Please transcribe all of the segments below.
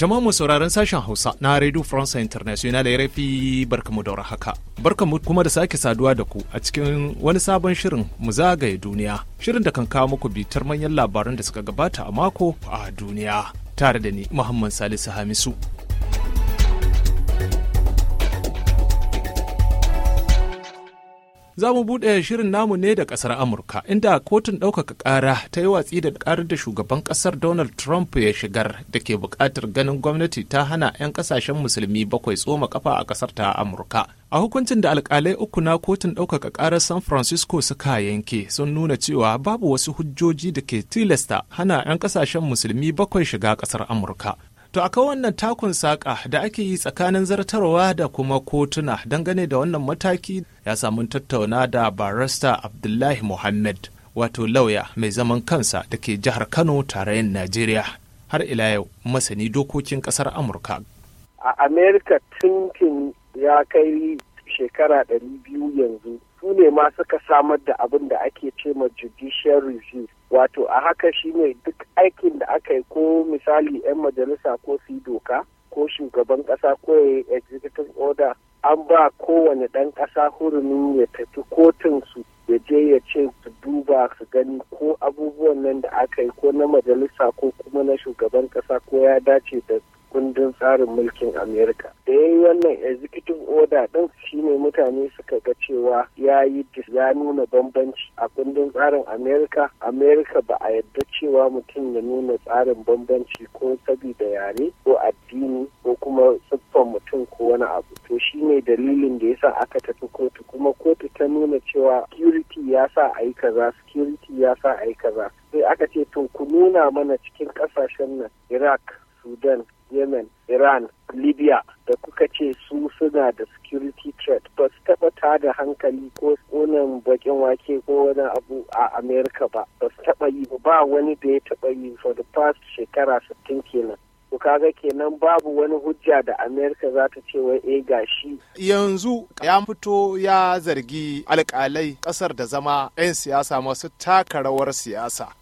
Jama'a mu sauraron sashen Hausa na Radio France International ya rafi barkamu da haka. Barkamu kuma da sake saduwa da ku a cikin wani sabon shirin mu zagaye duniya. Shirin da kan kawo muku bitar manyan labaran da suka gabata a mako a duniya. Tare da ni Muhammad Salisu Hamisu. za mu buɗe shirin namu ne da ƙasar amurka inda kotun ɗaukaka ƙara ta yi watsi da ƙarar da shugaban ƙasar donald trump ya shigar da ke buƙatar ganin gwamnati ta hana 'yan ƙasashen musulmi bakwai tsoma ƙafa a ƙasar ta amurka a hukuncin da alkalai uku na kotun ɗaukaka ƙarar san francisco suka yanke sun nuna cewa babu wasu hujjoji da ke tilasta hana 'yan ƙasashen musulmi bakwai shiga ƙasar amurka To akwai wannan takun saƙa da ake yi tsakanin zartarwa da kuma kotuna dangane da wannan mataki ya samu tattauna da barista Abdullahi Muhammad wato lauya mai zaman kansa da ke jihar Kano tarayyar Najeriya har ila yau masani dokokin ƙasar Amurka. A Amerika tunkin ya kai shekara ɗari biyu yanzu su ne ma suka samar da abin da ake ce ma judicial review wato a haka shine duk aikin da aka yi ko misali 'yan majalisa ko su doka ko shugaban ƙasa ko ya executive order an ba kowane ɗan ƙasa hurumin ya tafi kotun su ya je ya ce su duba su gani ko abubuwan nan da aka yi ko na majalisa ko kuma na shugaban ƙasa ko ya dace da kundin tsarin mulkin amerika da ya yi wannan executive order ɗin shine mutane suka ga cewa ya yi ya nuna bambanci a kundin tsarin amerika amerika ba a yadda cewa mutum ya nuna tsarin bambanci ko sabida yare ko addini ko kuma siffan mutum ko wani abu to shine dalilin da yasa aka tafi kotu kuma kotu ta nuna cewa security ya sa a yi kaza security ya sa a yi kaza sai aka ce to ku nuna mana cikin kasashen nan iraq sudan yemen iran libya da kuka ce su suna da security threat ba su taba tada hankali ko tsonan bakin wake ko wani abu a america ba ba su taba yi ba wani da ya taba yi for the past shekara sittin kenan ku kaga kenan babu wani hujja da amerika za ta ce wai eh gashi yanzu ya fito ya zargi alkalai kasar da zama 'yan siyasa masu taka rawar siyasa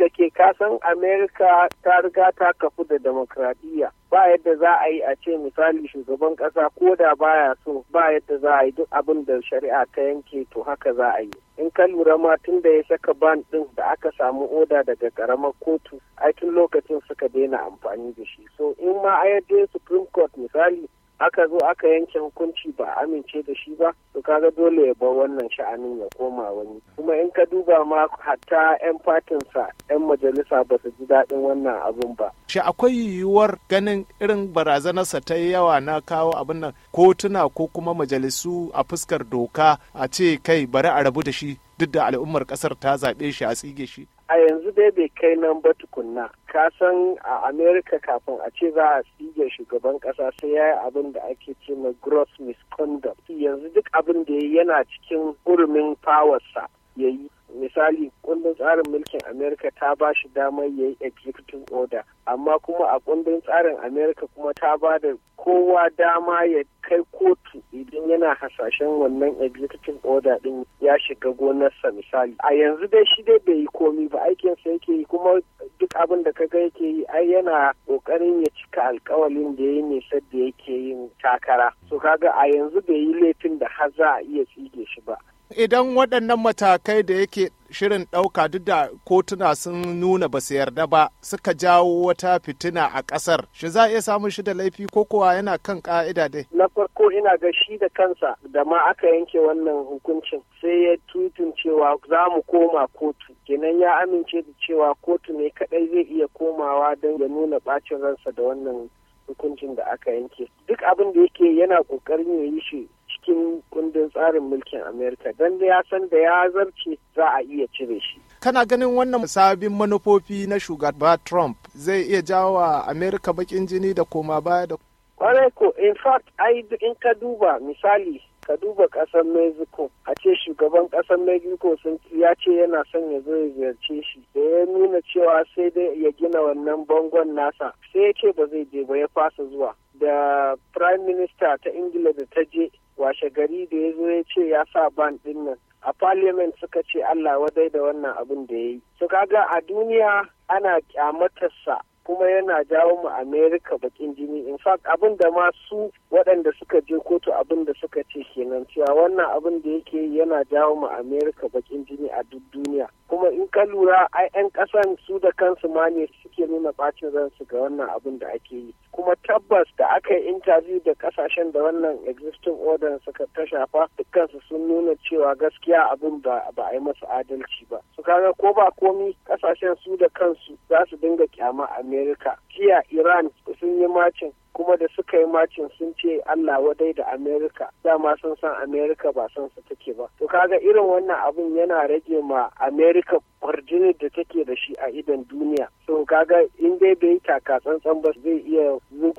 da ke kasan amerika ta riga ta kafu da demokradiyya ba yadda za a yi a ce misali shugaban kasa ko da baya so ba yadda za a yi duk abin da shari'a ta yanke to haka za a yi in ka lura ma tun da ya saka ban din da aka samu oda daga karamar kotu ai lokacin suka daina amfani da shi so in ma a yadda supreme court misali aka zo aka yanke hukunci ba a amince da shi ba to kaga dole ya bar wannan sha'anin ya koma wani kuma in ka duba ma hatta 'yan fatinsa 'yan majalisa ba su ji daɗin wannan abun ba shi akwai yiwuwar ganin irin barazanarsa ta yi yawa na kawo abin nan kotuna ko kuma majalisu a fuskar doka a ce kai bari a rabu da shi duk da al'ummar ƙasar ta zaɓe shi a tsige shi a yanzu dai bai kai nan ba tukunna ka san a america kafin a ce za a tsige shugaban kasa sai ya yi abin da ake ce na gross misconduct yanzu duk abin da ya yana cikin hurumin powersa ya yi misali kundin tsarin mulkin amerika ta ba shi damar ya yi executive order amma kuma a kundin tsarin amerika kuma ta ba da kowa dama ya kai kotu idan yana hasashen wannan executive order din ya shiga gonarsa misali a yanzu dai shi dai bai yi komi ba aikinsa yake yi kuma duk abin da kaga yake yi ai yana kokarin ya cika alkawalin da ya yi nisa da yake yin takara so kaga a yanzu bai yi laifin da har za a iya tsige shi ba idan waɗannan matakai da yake shirin ɗauka duk da kotuna sun nuna ba su yarda ba suka jawo wata fitina a ƙasar shi za a iya samun shi da laifi ko kuwa yana kan ƙa'ida dai na farko ina ga shi da kansa da ma aka yanke wannan hukuncin sai ya tutun cewa za mu koma kotu kenan ya amince da cewa kotu ne kadai zai iya komawa don ya nuna ɓacin ransa da wannan hukuncin da aka yanke duk abin da yake yana ƙoƙarin ya yi shi cikin kundin tsarin mulkin Amerika don da ya san da ya zarce za a iya cire shi. Kana ganin wannan sabin manufofi na shugaba Trump zai iya jawo wa Amerika bakin jini da koma baya da kwarai ko in fact ai in ka duba misali ka duba ƙasar mexico a ce shugaban ƙasar mexico sun ya ce yana son ya zo ya ziyarce shi da ya nuna cewa sai dai ya gina wannan bangon nasa sai ya ce ba zai je ba ya fasa zuwa da prime minister ta ingila da ta je washe gari da ya zo ya ce ya sa ban din nan a parliament suka ce allah wadai da wannan abin da ya yi su kaga a duniya ana kyamatarsa kuma yana jawo mu america bakin jini in fact abin da ma su waɗanda suka je kotu abin da suka ce kenan cewa wannan abin da yake yana jawo mu america bakin jini a duk duniya kuma in ka lura ai 'yan ƙasan su da kansu ma ne suke nuna ɓacin ransu ga wannan abin da ake yi kuma tabbas da aka yi interview da kasashen da wannan existing order suka ta shafa dukkansu sun nuna cewa gaskiya abin ba ba a yi masa adalci ba su kaga ko ba komi ƙasashen su da kansu za su dinga kyama a Amerika kiya iran sun yi macin kuma da suka yi macin sun ce allah wadai da amerika dama sun san amerika ba san su take ba to kaga irin wannan abin yana rage ma amerika kwarjini da take da shi a idon duniya so kaga in dai bai taka tsantsan ba zai iya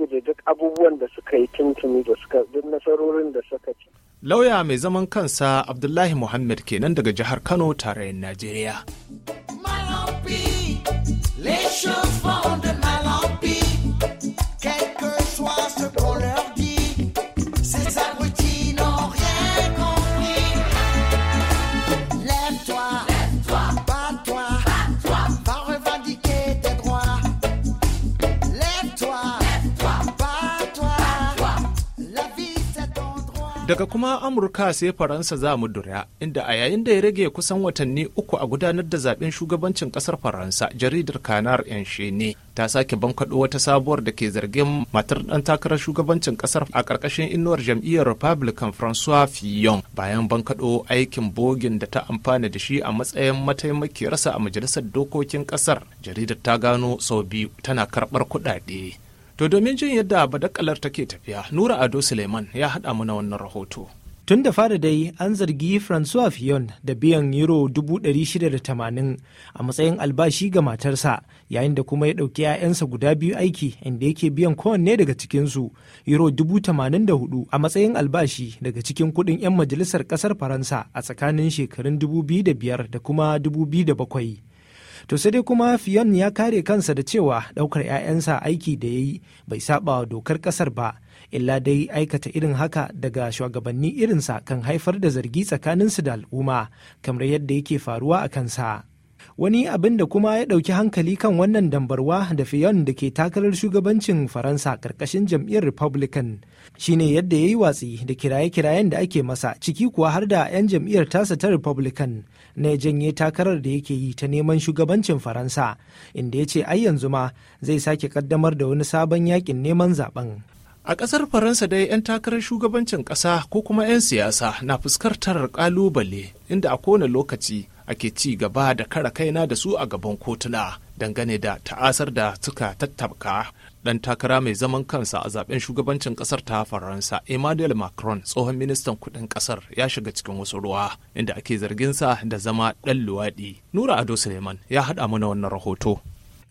da duk abubuwan da suka yi tuntuni da suka duk nasarorin da suka ci lauya mai zaman kansa abdullahi muhammad kenan daga jihar kano tarayyar najeriya Daga kuma Amurka sai Faransa za mu dura, inda a yayin da ya rage kusan watanni uku a gudanar da zaben shugabancin kasar Faransa, jaridar Kanar ne. ta sake bankaɗo wata sabuwar da ke zargin matar ɗan takarar shugabancin kasar a karkashin inuwar jam'iyyar Republican Francois Fillon bayan bankaɗo aikin bogin da ta amfana da shi a matsayin mataimakiyarsa a majalisar dokokin kasar. Jaridar ta gano sau biyu tana karɓar kuɗaɗe. To domin jin yadda badakalar take tafiya, Nura Ado Suleiman ya haɗa mana wannan rahoto. Tun da fara dai an zargi Francois Fillon da biyan euro 680 a matsayin albashi ga matarsa yayin da kuma ya ɗauki 'ya'yansa guda biyu aiki inda yake biyan kowanne daga cikinsu euro 84 a matsayin albashi daga cikin kuɗin 'yan majalisar ƙasar Faransa a tsakanin shekarun 2005 da kuma 2007. to sai dai kuma fiyon ya kare kansa da cewa ɗaukar 'ya'yansa aiki da ya yi bai saba dokar ƙasar ba illa dai aikata irin haka daga shugabanni irinsa kan haifar da zargi tsakaninsu da al'umma kamar yadda yake faruwa a kansa wani abin da kuma ya ɗauki hankali kan wannan dambarwa da fiyon da ke takarar shugabancin faransa ƙarƙashin jam'iyyar republican shine yadda ya yi watsi da kiraye-kirayen da ake masa ciki kuwa har da 'yan jam'iyyar tasa ta republican na janye takarar da yake yi ta neman shugabancin faransa inda ya ce ai yanzu ma zai sake kaddamar da wani sabon yakin neman zaben a ƙasar faransa dai 'yan takarar shugabancin ƙasa ko kuma 'yan siyasa na fuskantar ƙalubale inda a kowane lokaci ake ci gaba da kara kaina da su a gaban kotuna dangane da ta'asar da suka tattabka dan takara mai zaman kansa a zaben shugabancin kasar ta faransa emmanuel macron tsohon ministan kudin kasar ya shiga cikin wasu ruwa inda ake zarginsa da zama dan luwaɗi nura ado suleiman ya haɗa mana wannan rahoto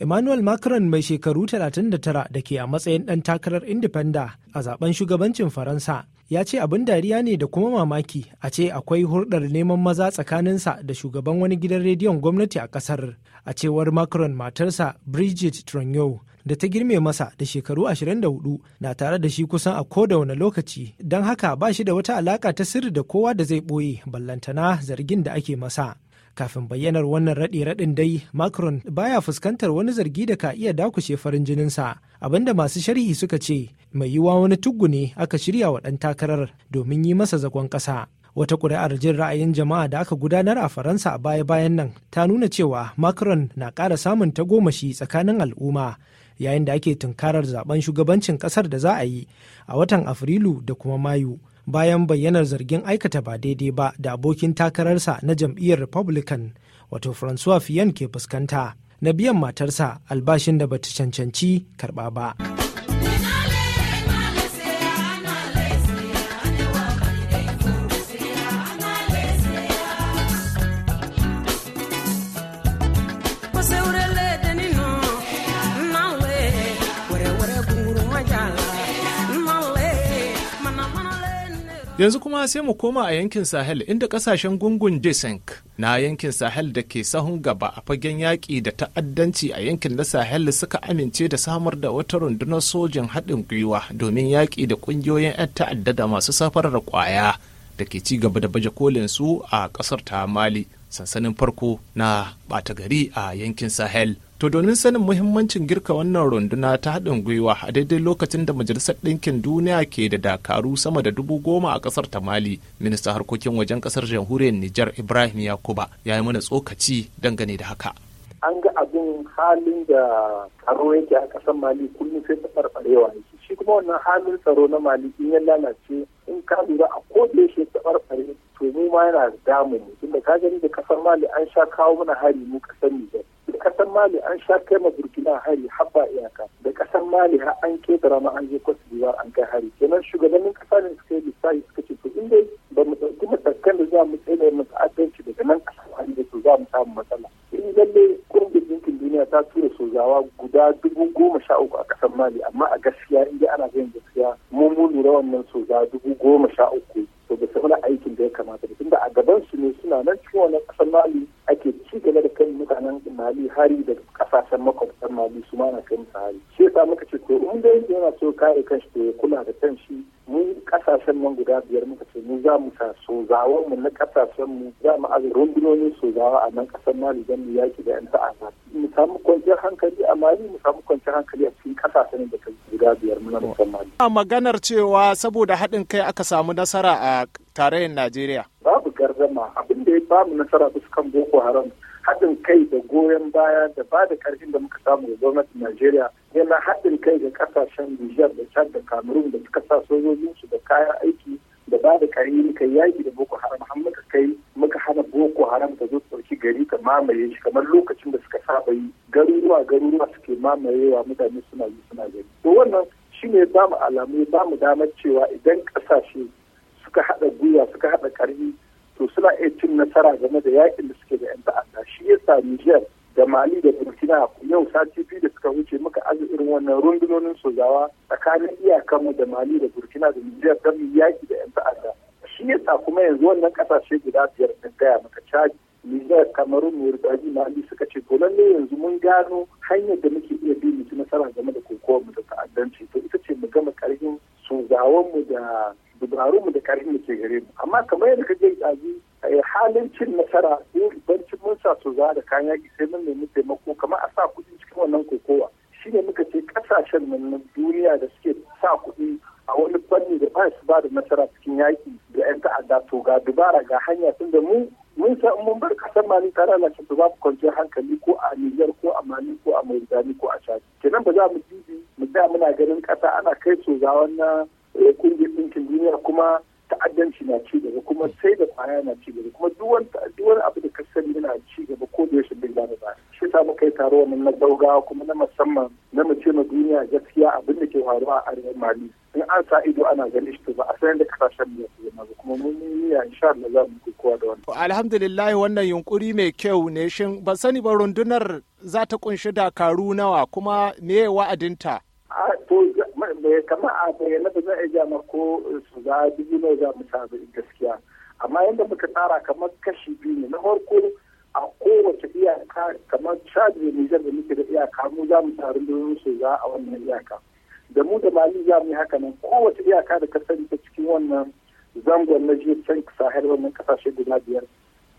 Emmanuel Macron mai shekaru 39 da ke a matsayin ɗan takarar indifenda a zaben shugabancin Faransa ya ce abin dariya ne da kuma mamaki a ce akwai hurdar neman maza tsakaninsa da shugaban wani gidan rediyon gwamnati a ƙasar. A cewar Macron matarsa Brigitte Trogneau da ta girme masa da shekaru 24 na tare da shi kusan a koda wani lokaci don haka ba shi da wata alaka ta sirri da kowa da zai ɓoye ballantana zargin da ake masa. kafin bayyanar wannan raɗe-raɗin dai macron baya fuskantar wani zargi da ka iya dakushe farin jininsa abinda masu sharhi suka ce mai yiwuwa wani tuggu ne aka shirya wa ɗan takarar domin yi masa zagon ƙasa wata ƙuri'ar jin ra'ayin jama'a da aka gudanar a faransa a baya-bayan nan ta nuna cewa macron na ƙara samun tagomashi tsakanin al'umma yayin da ake tunkarar zaben shugabancin kasar da za a yi a watan afrilu da kuma mayu bayan bayyanar zargin aikata ba daidai ba da abokin takararsa na jam'iyyar republican wato francois fillon ke fuskanta na biyan matarsa albashin da bata cancanci karba ba. Yanzu kuma sai mu koma a yankin Sahel inda kasashen gungun Desink na yankin Sahel da ke sahun gaba a fagen yaƙi da ta'addanci a yankin na Sahel suka amince da samar da wata rundunar sojin haɗin gwiwa domin yaƙi da ƙungiyoyin 'yan ta'adda da masu safarar ƙwaya. da ke ci gaba da baje kolin su a kasar ta mali sansanin farko na bata gari a yankin sahel to domin sanin muhimmancin girka wannan runduna ta haɗin gwiwa a daidai lokacin da majalisar ɗinkin duniya ke da dakaru sama da dubu goma a ƙasar ta mali ministan harkokin wajen ƙasar jamhuriyar nijar ibrahim yakuba ya yi mana tsokaci dangane da haka an ga abin halin da tsaro yake a ƙasar mali kullum sai ta farfarewa shi kuma wannan halin tsaro na mali in ya lalace in ka lura a kodin shi tabarbare to mu ma yana damu mu tunda ka gani da kasar mali an sha kawo mana hari mu kasar nijar da kasar mali an sha kai ma burkina hari habba iyaka da kasar mali har an ke da rama an je kwasu biyar an kai hari kenan shugabannin kasa ne suka yi lissafi suka ce to in dai ba mu ɗauki matakan da za mu tsaye mu adalci daga nan kasar mali da to za mu samu matsala in lalle kungiyar ɗinkin duniya ta tura sojawa guda dubu goma sha uku a kasar mali amma hali shi yasa muka ce to in dai yana so kare kan to ya kula da kan shi mu kasashen nan guda biyar muka ce mu za mu sa sozawan mu na kasashen mu za mu azu rundunonin sozawa a nan kasar mali don mu yaki da yan ta'ada mu samu kwanciyar hankali a mali mu samu kwanciyar hankali a cikin kasashen da kan guda biyar mu na mali. a maganar cewa saboda haɗin kai aka samu nasara a tarayyar najeriya babu gardama abin da ya bamu nasara bisa kan boko haram haɗin kai da goyon baya da ba da ƙarfin da muka samu ga gwamnatin Najeriya yana haɗin kai da ƙasashen Nijar da Chad da Cameroon da suka sa sojojinsu da kayan aiki da ba da ƙari muka yaƙi da Boko Haram har muka kai muka hana Boko Haram ta zo ɗauki gari ta mamaye shi kamar lokacin da suka saba yi garuruwa garuruwa suke mamayewa mutane suna yi suna gari. To wannan shi ne ba mu alamu ba mu damar cewa idan ƙasashe suka haɗa gwiwa suka haɗa ƙarfi to suna iya cin nasara game da yaƙin da suke 'yan ta'adda shi ya sa Niger da Mali da Burkina yau sati biyu da suka wuce muka aji irin wannan rundunonin sojawa tsakanin iyakanmu da Mali da Burkina da Nijar don mu yaki da 'yan ta'adda shi ya sa kuma yanzu wannan kasashe guda biyar sun gaya maka caji Nijar, Kamarun, Yurdaji, Mali suka ce to lalle yanzu mun gano hanyar da muke iya bi mu ci nasara game da kokowar mu da ta'addanci to ita ce mu gama karfin sojawan mu da dubarun da karfin da ke gare mu amma kamar yadda ka je ɗazu Eh, halin cin nasara eh, bancin mun sa su za da kayan yaki sai mun nemi taimako kamar a sa kuɗi cikin wannan kokowa shi shine muka ce kasashen nan duniya da suke sa kuɗi a wani fanni da ba su ba da nasara cikin yaki da 'yan ta'adda to ga dubara ga hanya tun da mu mun sa mun bar kasar mali tare da su ba ku kwanciyar hankali ko a Niger ko a Mali ko a mauritani ko a Chad kenan ba za mu ji mu da muna ganin kasa ana kai soza wannan kungiyar eh, ɗinkin duniya kuma ta'addanci na ci gaba kuma sai da kwaya na ci gaba kuma duk wani abu da ka sani yana ci gaba ko da yaushe bai gane ba shi ta muka yi taro wannan na gaugawa kuma na musamman na mace na duniya gaskiya abin da ke faruwa a arewa mali in an sa ido ana ganin shi ba a san da kasashen da su zama kuma mun yi niyya insha Allah za mu kowa da wannan alhamdulillah wannan yunkuri mai kyau ne shin ban sani ba rundunar za ta kunshi dakaru nawa kuma me wa'adinta eh kamar a bayyana da zan iya ko su za dubu na za mu sa gaskiya amma yadda muka tsara kamar kashi biyu ne na farko a kowace iyaka kamar chad ne da muke da iyaka mu za mu tarin birnin su za a wannan iyaka da mu da mali za mu yi haka nan kowace iyaka da kasance ta cikin wannan zangon na jiya can sahel wannan kasashe guda biyar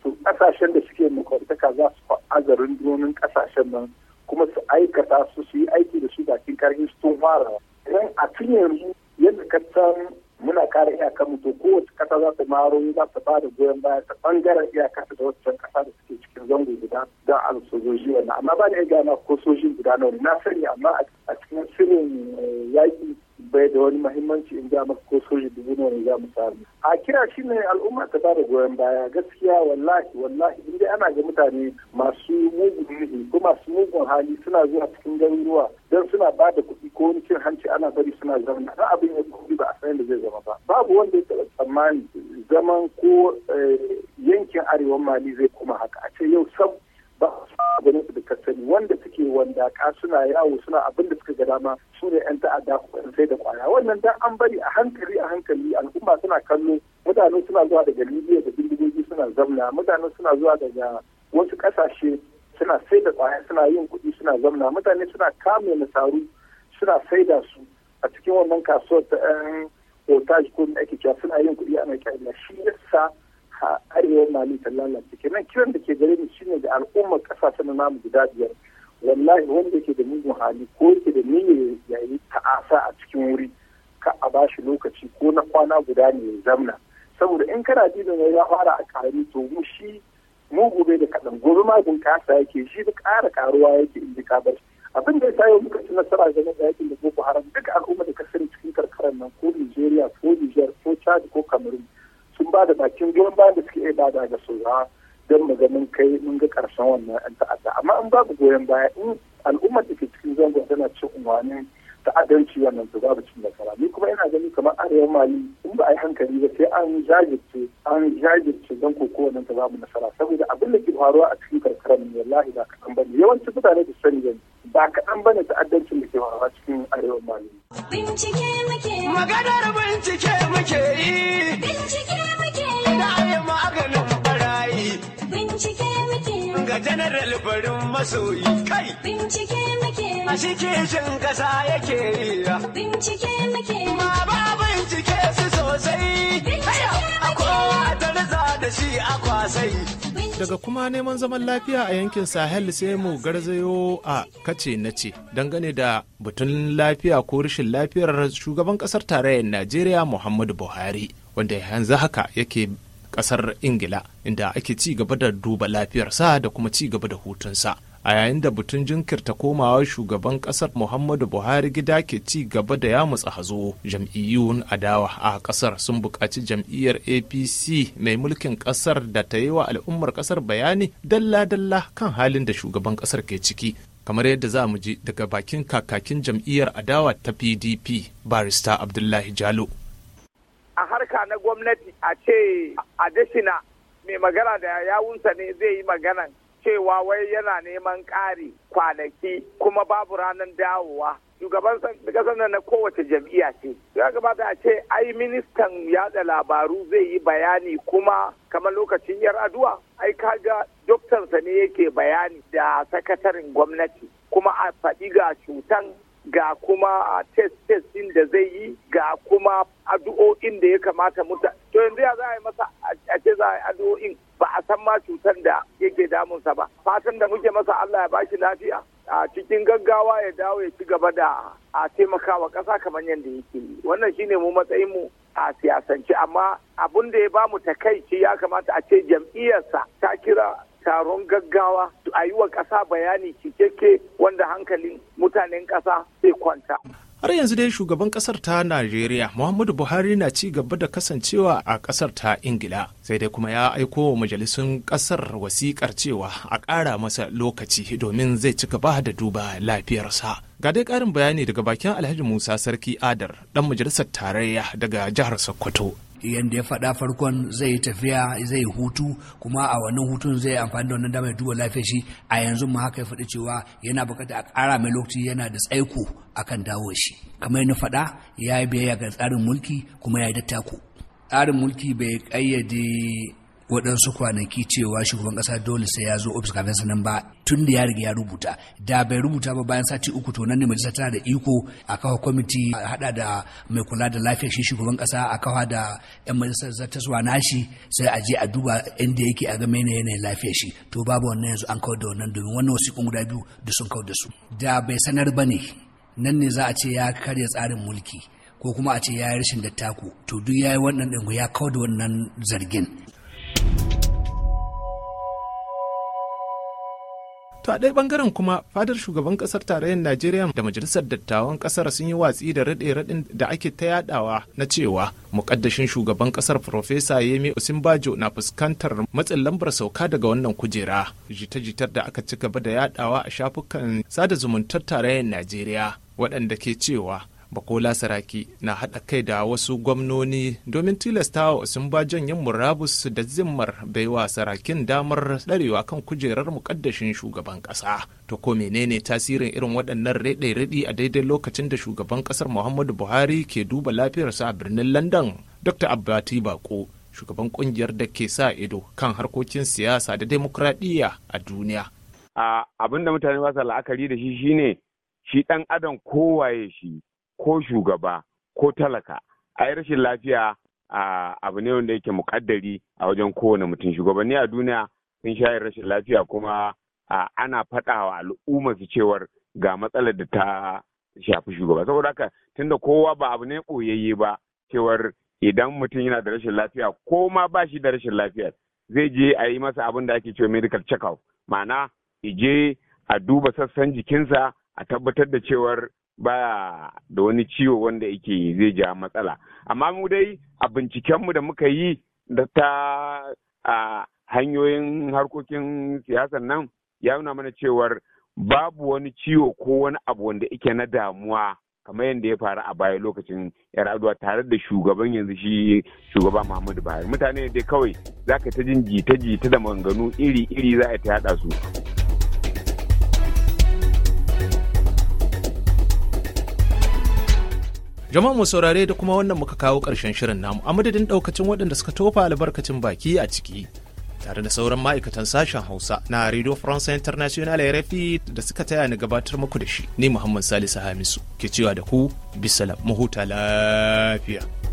su kasashen da suke makwabtaka za su fa'aza rundunonin kasashen nan kuma su aikata su su yi aiki da su bakin karfi su tun farawa Idan a tun yanzu yadda kasan muna kare iyakar mu to kowace kasa za ta maro za ta ba da goyon baya ta bangaren iyakar da waccan kasa da suke cikin zango guda don an sojoji wannan amma ba da ya gana ko sojin guda nawa na sani amma a cikin sirrin eh, yaƙi bai da wani mahimmanci in ga maka ko soja dubu nawa ne za mu samu a kira shi ne al'umma ta bada goyon baya gaskiya wallahi wallahi in dai ana ga mutane masu mugun nuhi ko masu mugun hali suna zuwa cikin garuruwa don suna ba da kuɗi ko wani cin hanci ana bari suna zama na abin ya kuɗi ba a san da zai zama ba babu wanda ya taɓa tsammani zaman ko eh, yankin arewa mali zai koma haka a ce yau sab ba ganin su da kasani wanda suke wanda ka suna yawo suna abin da suka ga dama su ne yan ta'adda sai da kwaya wannan dan an bari a hankali a hankali al'umma suna kallo mutane suna zuwa daga libya da bindigogi suna zamna mutane suna zuwa daga wasu kasashe suna sai da kwaya suna yin kuɗi suna zamna mutane suna kame nasaru suna saida su a cikin wannan kasuwar ta yan otage ko ake cewa suna yin kuɗi ana kyalla shi yasa ka arewa mali ta lalace kenan kiran da ke gare ni shine da al'ummar kasashen na namu guda biyar wallahi wanda yake da mugun hali ko yake da niyyar ya yi ta'asa a cikin wuri ka a bashi lokaci ko na kwana guda ne ya zamna saboda in kana dinin wai ya fara a karami to mu shi mu gobe da kaɗan gobe magun kasa yake shi da ƙara karuwa yake in ji kabar abin da ya sa yau muka ci nasara game da yakin da boko haram duka al'umma da ka sani cikin karkarar nan ko Nijar goyon ba da suke iya da ga ba don mu ganin kai mun ga karshen wannan yan ta'adda amma in babu goyon baya in al'ummar da ke cikin zangon tana cin unwanin ta'addanci wannan to babu cin nasara ni kuma ina gani kamar arewa mali in ba a yi hankali ba sai an jajirce an jajirce don ko kowannen ta babu nasara saboda abin da ke faruwa a cikin karkarar ne wallahi ba kaɗan ne yawancin mutane da sani yanzu ba kaɗan ba da ta'addancin da ke faruwa cikin arewa mali. Bincike muke. Maganar bincike muke yi. Bincike muke general barin masoyi kai bincike muke a shike jin kasa yake yi bincike muke ma ba bincike su sosai a kowa ta da shi a kwasai daga kuma neman zaman lafiya a yankin sahel sai mu garzayo a kace na ce dangane da batun lafiya ko rashin lafiyar shugaban kasar tarayyar najeriya muhammadu buhari wanda yanzu haka yake kasar ingila inda ake ci gaba da duba lafiyarsa da kuma ci gaba da hutunsa a yayin da butun jinkirta komawa shugaban kasar muhammadu buhari gida ke ci gaba da yamutsa hazo jam'iyyun adawa a kasar sun buƙaci jam'iyyar apc mai mulkin kasar da ta yi wa al'ummar kasar bayani dalla-dalla kan halin da shugaban kasar ke ciki kamar yadda za mu ji daga bakin kakakin jam'iyyar adawa ta pdp barista abdullahi jalo a harka na gwamnati a ce a dashina mai magana da yawunsa ne zai yi maganan cewa wai yana neman ƙari kwanaki kuma babu ranar dawowa shugaban kasar nan na kowace jam'iyya ce ya gabata a ce ai ministan yada labaru zai yi bayani kuma kamar lokacin yar aduwa ai kaga doktansa ne yake bayani da sakataren gwamnati kuma a faɗi ga cutan ga kuma test test din da zai yi ga kuma addu'o'in da ya kamata muta to yanzu ya za a yi masa a ce za a yi addu'o'in ba a san ma cutar da yake damunsa ba fatan da muke masa Allah ya shi lafiya a cikin gaggawa ya dawo ya ci gaba da a taimakawa ƙasa kamar yadda yake yi wannan shine mu matsayin mu a siyasance amma abin da ya bamu takaici ya kamata a ce jam'iyyarsa ta kira taron gaggawa a yi wa ƙasa bayani cikakke wanda hankalin mutanen ƙasa zai kwanta. Har yanzu dai shugaban kasar ta Najeriya Muhammadu Buhari na ci gaba da kasancewa a kasar ta Ingila sai dai kuma ya aiko wa majalisun kasar wasikar cewa a ƙara masa lokaci domin zai ci gaba da duba lafiyarsa. Ga dai ƙarin bayani daga bakin Alhaji Musa Sarki Adar ɗan majalisar tarayya daga jihar Sokoto. yadda ya faɗa farkon zai tafiya zai hutu kuma a wannan hutun zai amfani da wannan damar ya duba lafiya shi a yanzu ma haka ya faɗi cewa yana bukata a ƙara mai lokaci yana da tsaiko akan dawo shi kamar na faɗa ya yi biyayya ga tsarin mulki kuma ya yi dattako tsarin mulki bai ƙayyade waɗansu kwanaki cewa shugaban ƙasa dole sai ya zo ofis kafin sanan ba tun da ya riga ya rubuta da bai rubuta ba bayan sati uku to nan ne majalisa tana da iko a kawo kwamiti a haɗa da mai kula da lafiyar shi shugaban ƙasa a kawo da yan majalisar zuwa nashi sai a je a duba inda yake a ga mene yanayin lafiyar shi to babu wannan yanzu an kawo da wannan domin wannan wasiƙun guda biyu da sun kawo da su da bai sanar ba ne nan ne za a ce ya karya tsarin mulki ko kuma a ce ya yi rashin dattako to duk ya yi wannan ɗin ya kawo da wannan zargin To a ɗaya ɓangaren kuma fadar shugaban ƙasar tarayyar Najeriya da majalisar dattawan ƙasar sun yi watsi da raɗe-raɗin da ake ta yaɗawa na cewa muƙaddashin shugaban ƙasar Profesa Yemi Osinbajo na fuskantar matsin lambar sauka daga wannan kujera. Jita-jitar da aka ci gaba da yaɗawa a shafukan sada zumuntar tarayyar Najeriya waɗanda ke cewa bakola saraki na haɗa kai da wasu gwamnoni domin tilasta wa ba yin murabus da zimmar baiwa sarakin damar ɗarewa kan kujerar muƙaddashin shugaban ƙasa to ko menene tasirin irin waɗannan raɗe-raɗi a daidai lokacin da shugaban ƙasar muhammadu buhari ke duba lafiyarsa a birnin london dr abbati bako shugaban ƙungiyar da ke sa ido kan harkokin siyasa da demokradiyya a duniya abin da mutane ba la'akari da shi shine shi ɗan adam kowaye shi ko shugaba ko talaka a yi rashin lafiya abu ne wanda yake mukaddari a wajen kowane mutum shugabanni a duniya sun sha rashin lafiya kuma ana faɗawa al'umma su cewar ga matsalar da ta shafi shugaba saboda haka tunda kowa ba abu ne ɓoyayye ba cewar idan mutum yana da rashin lafiya ko ma ba shi da rashin lafiya zai je a yi masa abin da ake cewa medical check-up ma'ana ije a duba sassan jikinsa a tabbatar da cewar baya da wani ciwo wanda yake zai ja matsala amma mu dai a bincikenmu da muka yi da ta a hanyoyin harkokin siyasar nan ya nuna mana cewar babu wani ciwo ko wani abu wanda yake na damuwa kamar yadda ya faru a baya lokacin yar aduwa tare da shugaban yanzu shi shugaba muhammadu buhari mutane dai kawai za ka ta jin jita jita da manganu iri iri za a ta yada su Jama'a mu saurare da kuma wannan muka kawo ƙarshen shirin namu a madadin ɗaukacin waɗanda suka tofa albarkacin baki a ciki. Tare da sauran ma'aikatan sashen Hausa na Radio France International RFI da suka taya ni gabatar muku da shi. Ni Muhammad Salisu Hamisu ke cewa da ku bisa mahuta lafiya.